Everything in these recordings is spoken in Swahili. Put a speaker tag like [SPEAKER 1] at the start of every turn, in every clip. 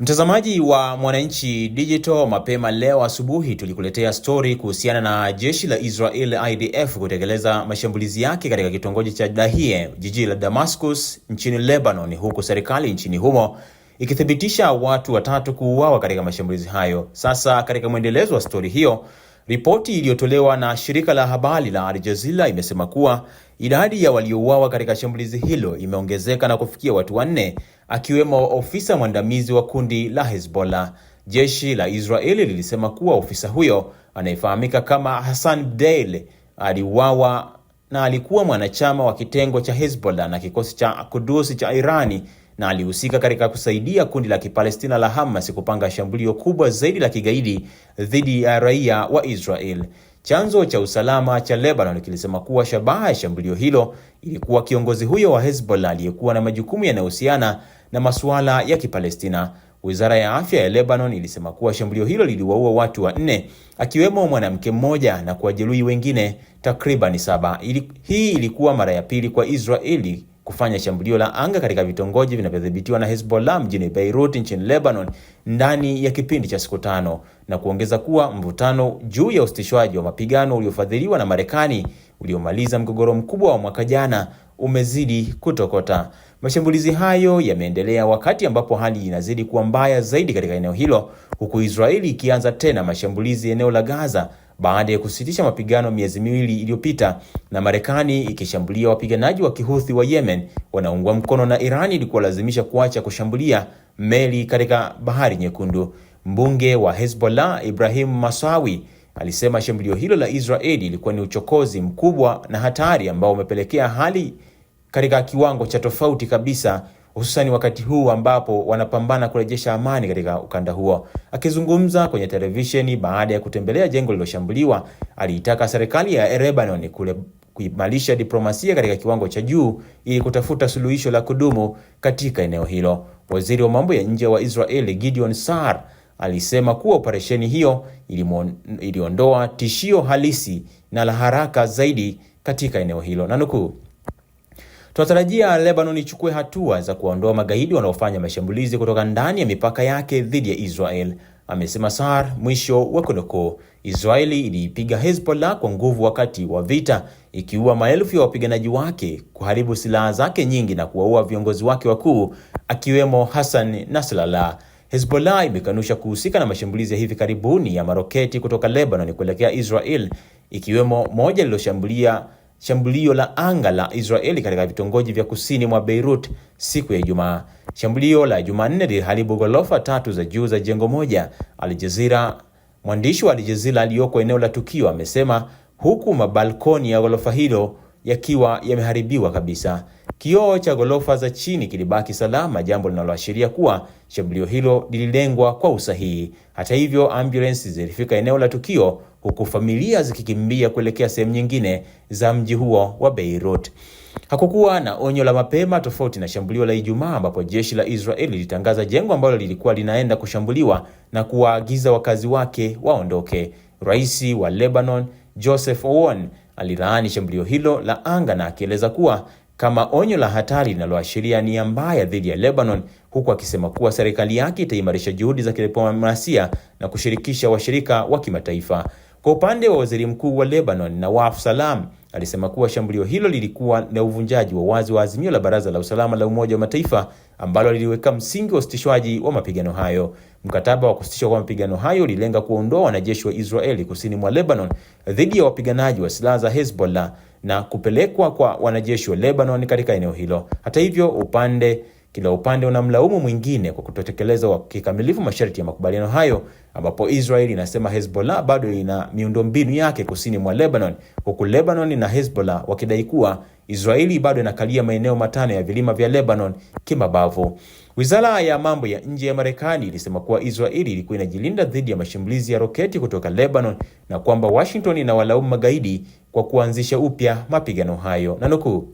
[SPEAKER 1] Mtazamaji wa Mwananchi Digital, mapema leo asubuhi tulikuletea stori kuhusiana na jeshi la Israel IDF kutekeleza mashambulizi yake katika kitongoji cha Dahie, jiji la Damascus nchini Lebanon, huku serikali nchini humo ikithibitisha watu watatu kuuawa katika mashambulizi hayo. Sasa katika mwendelezo wa stori hiyo Ripoti iliyotolewa na shirika la habari la Al Jazeera imesema kuwa idadi ya waliouawa katika shambulizi hilo imeongezeka na kufikia watu wanne, akiwemo ofisa mwandamizi wa kundi la Hezbollah. Jeshi la Israeli lilisema kuwa ofisa huyo anayefahamika kama Hassan Bdeir aliuawa na alikuwa mwanachama wa kitengo cha Hezbollah na kikosi cha kudusi cha Irani na alihusika katika kusaidia kundi la Kipalestina la Hamas kupanga shambulio kubwa zaidi la kigaidi dhidi ya raia wa Israel. Chanzo cha usalama cha Lebanon kilisema kuwa shabaha ya shambulio hilo ilikuwa kiongozi huyo wa Hezbollah aliyekuwa na majukumu yanayohusiana na, masuala ya Kipalestina. Wizara ya afya ya Lebanon ilisema kuwa shambulio hilo liliwaua watu wanne akiwemo mwanamke mmoja na kuwajeruhi wengine takriban saba. Hii ilikuwa mara ya pili kwa Israeli kufanya shambulio la anga katika vitongoji vinavyodhibitiwa na Hezbollah mjini Beirut nchini Lebanon ndani ya kipindi cha siku tano na kuongeza kuwa mvutano juu ya usitishwaji wa mapigano uliofadhiliwa na Marekani uliomaliza mgogoro mkubwa wa mwaka jana umezidi kutokota. Mashambulizi hayo yameendelea wakati ambapo hali inazidi kuwa mbaya zaidi katika eneo hilo, huku Israeli ikianza tena mashambulizi eneo la Gaza baada ya kusitisha mapigano miezi miwili iliyopita, na Marekani ikishambulia wapiganaji wa Kihuthi wa Yemen wanaungwa mkono na Iran ili kuwalazimisha kuacha kushambulia meli katika Bahari Nyekundu. Mbunge wa Hezbollah Ibrahim Masawi alisema shambulio hilo la Israeli ilikuwa ni uchokozi mkubwa na hatari ambao umepelekea hali katika kiwango cha tofauti kabisa, hususan wakati huu ambapo wanapambana kurejesha amani katika ukanda huo. Akizungumza kwenye televisheni baada ya kutembelea jengo lililoshambuliwa, aliitaka serikali ya Lebanon kule kuimarisha diplomasia katika kiwango cha juu ili kutafuta suluhisho la kudumu katika eneo hilo. Waziri wa mambo ya nje wa Israeli Gideon Saar alisema kuwa operesheni hiyo iliondoa tishio halisi na la haraka zaidi katika eneo hilo na
[SPEAKER 2] Tunatarajia Lebanon ichukue hatua za kuwaondoa magaidi wanaofanya mashambulizi kutoka ndani ya mipaka yake dhidi ya Israel, amesema Sar. Mwisho wa kunukuu. Israeli iliipiga Hezbollah kwa nguvu wakati wa vita, ikiua maelfu ya wapiganaji wake, kuharibu silaha zake nyingi na kuwaua viongozi wake wakuu akiwemo Hassan Nasrallah. Hezbollah imekanusha kuhusika na mashambulizi ya hivi karibuni ya maroketi kutoka Lebanon kuelekea Israel, ikiwemo moja lililoshambulia shambulio la anga la Israeli katika vitongoji vya kusini mwa Beirut siku ya Ijumaa. Shambulio la Jumanne liliharibu ghorofa tatu za juu za jengo moja, Al Jazeera. Mwandishi wa Al Jazeera aliyoko eneo la tukio amesema, huku mabalkoni ya ghorofa hilo yakiwa yameharibiwa kabisa. Kioo cha ghorofa za chini kilibaki salama, jambo linaloashiria kuwa shambulio hilo lililengwa kwa usahihi. Hata hivyo, ambulensi zilifika eneo la tukio huku familia zikikimbia kuelekea sehemu nyingine za mji huo wa Beirut. Hakukuwa na onyo la mapema tofauti na shambulio la Ijumaa ambapo jeshi la Israeli lilitangaza jengo ambalo lilikuwa linaenda kushambuliwa na kuwaagiza wakazi wake waondoke. Rais wa Lebanon, Joseph Owen alilaani shambulio hilo la anga na akieleza kuwa kama onyo la hatari linaloashiria nia mbaya dhidi ya Lebanon, huku akisema kuwa serikali yake itaimarisha juhudi za kidiplomasia na kushirikisha washirika wa kimataifa. Kwa upande wa waziri mkuu wa Lebanon, Nawaf Salam alisema kuwa shambulio hilo lilikuwa na uvunjaji wa wazi wa azimio la Baraza la Usalama la Umoja wa Mataifa ambalo liliweka msingi wa usitishwaji wa mapigano hayo. Mkataba wa kusitishwa kwa mapigano hayo ulilenga kuondoa wanajeshi wa Israeli kusini mwa Lebanon dhidi ya wapiganaji wa silaha za Hezbollah na kupelekwa kwa wanajeshi wa Lebanon katika eneo hilo. Hata hivyo, upande kila upande unamlaumu mwingine kwa kutotekeleza kikamilifu masharti ya makubaliano hayo, ambapo Israel inasema Hezbollah bado ina miundombinu yake kusini mwa Lebanon, huku Lebanon na Hezbollah wakidai kuwa Israeli bado inakalia maeneo matano ya vilima vya Lebanon kimabavu. Wizara ya mambo ya nje ya Marekani ilisema kuwa Israeli ilikuwa inajilinda dhidi ya mashambulizi ya roketi kutoka Lebanon na kwamba Washington inawalaumu magaidi kwa kuanzisha upya mapigano hayo na nukuu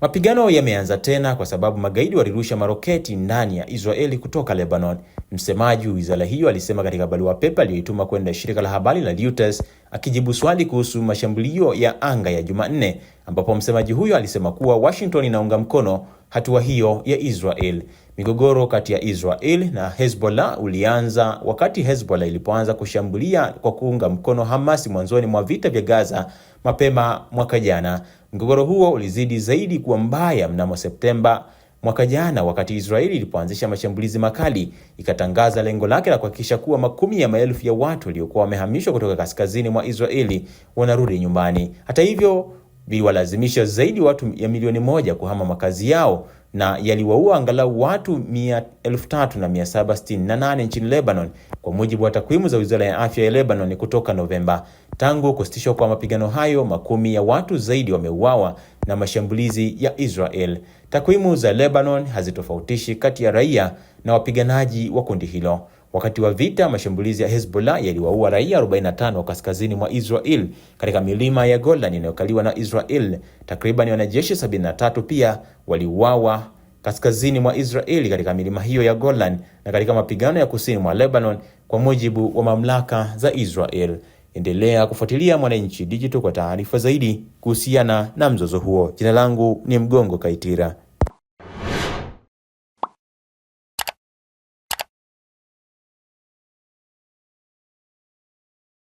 [SPEAKER 2] Mapigano yameanza tena kwa sababu magaidi walirusha maroketi ndani ya Israeli kutoka Lebanon. Msemaji wa wizara hiyo alisema katika barua pepe aliyoituma kwenda shirika la habari la Reuters akijibu swali kuhusu mashambulio ya anga ya Jumanne, ambapo msemaji huyo alisema kuwa Washington inaunga mkono hatua hiyo ya Israel. Migogoro kati ya Israel na Hezbollah ulianza wakati Hezbollah ilipoanza kushambulia kwa kuunga mkono Hamas mwanzoni mwa vita vya Gaza mapema mwaka jana. Mgogoro huo ulizidi zaidi kuwa mbaya mnamo Septemba mwaka jana, wakati Israeli ilipoanzisha mashambulizi makali, ikatangaza lengo lake la kuhakikisha kuwa makumi ya maelfu ya watu waliokuwa wamehamishwa kutoka kaskazini mwa Israeli wanarudi nyumbani. Hata hivyo, viliwalazimisha zaidi watu ya milioni moja kuhama makazi yao na yaliwaua angalau watu 3768 na nchini Lebanon, kwa mujibu wa takwimu za Wizara ya Afya ya Lebanon kutoka Novemba. Tangu kusitishwa kwa mapigano hayo, makumi ya watu zaidi wameuawa na mashambulizi ya Israel. Takwimu za Lebanon hazitofautishi kati ya raia na wapiganaji wa kundi hilo. Wakati wa vita, mashambulizi ya Hezbollah yaliwaua raia 45 wa kaskazini mwa Israel katika milima ya Golan inayokaliwa na Israel. Takriban wanajeshi 73 pia waliuawa kaskazini mwa israel katika milima hiyo ya Golan na katika mapigano ya kusini mwa Lebanon, kwa mujibu wa mamlaka za Israel. Endelea kufuatilia Mwananchi Digital kwa taarifa zaidi kuhusiana na mzozo huo. Jina langu ni Mgongo Kaitira.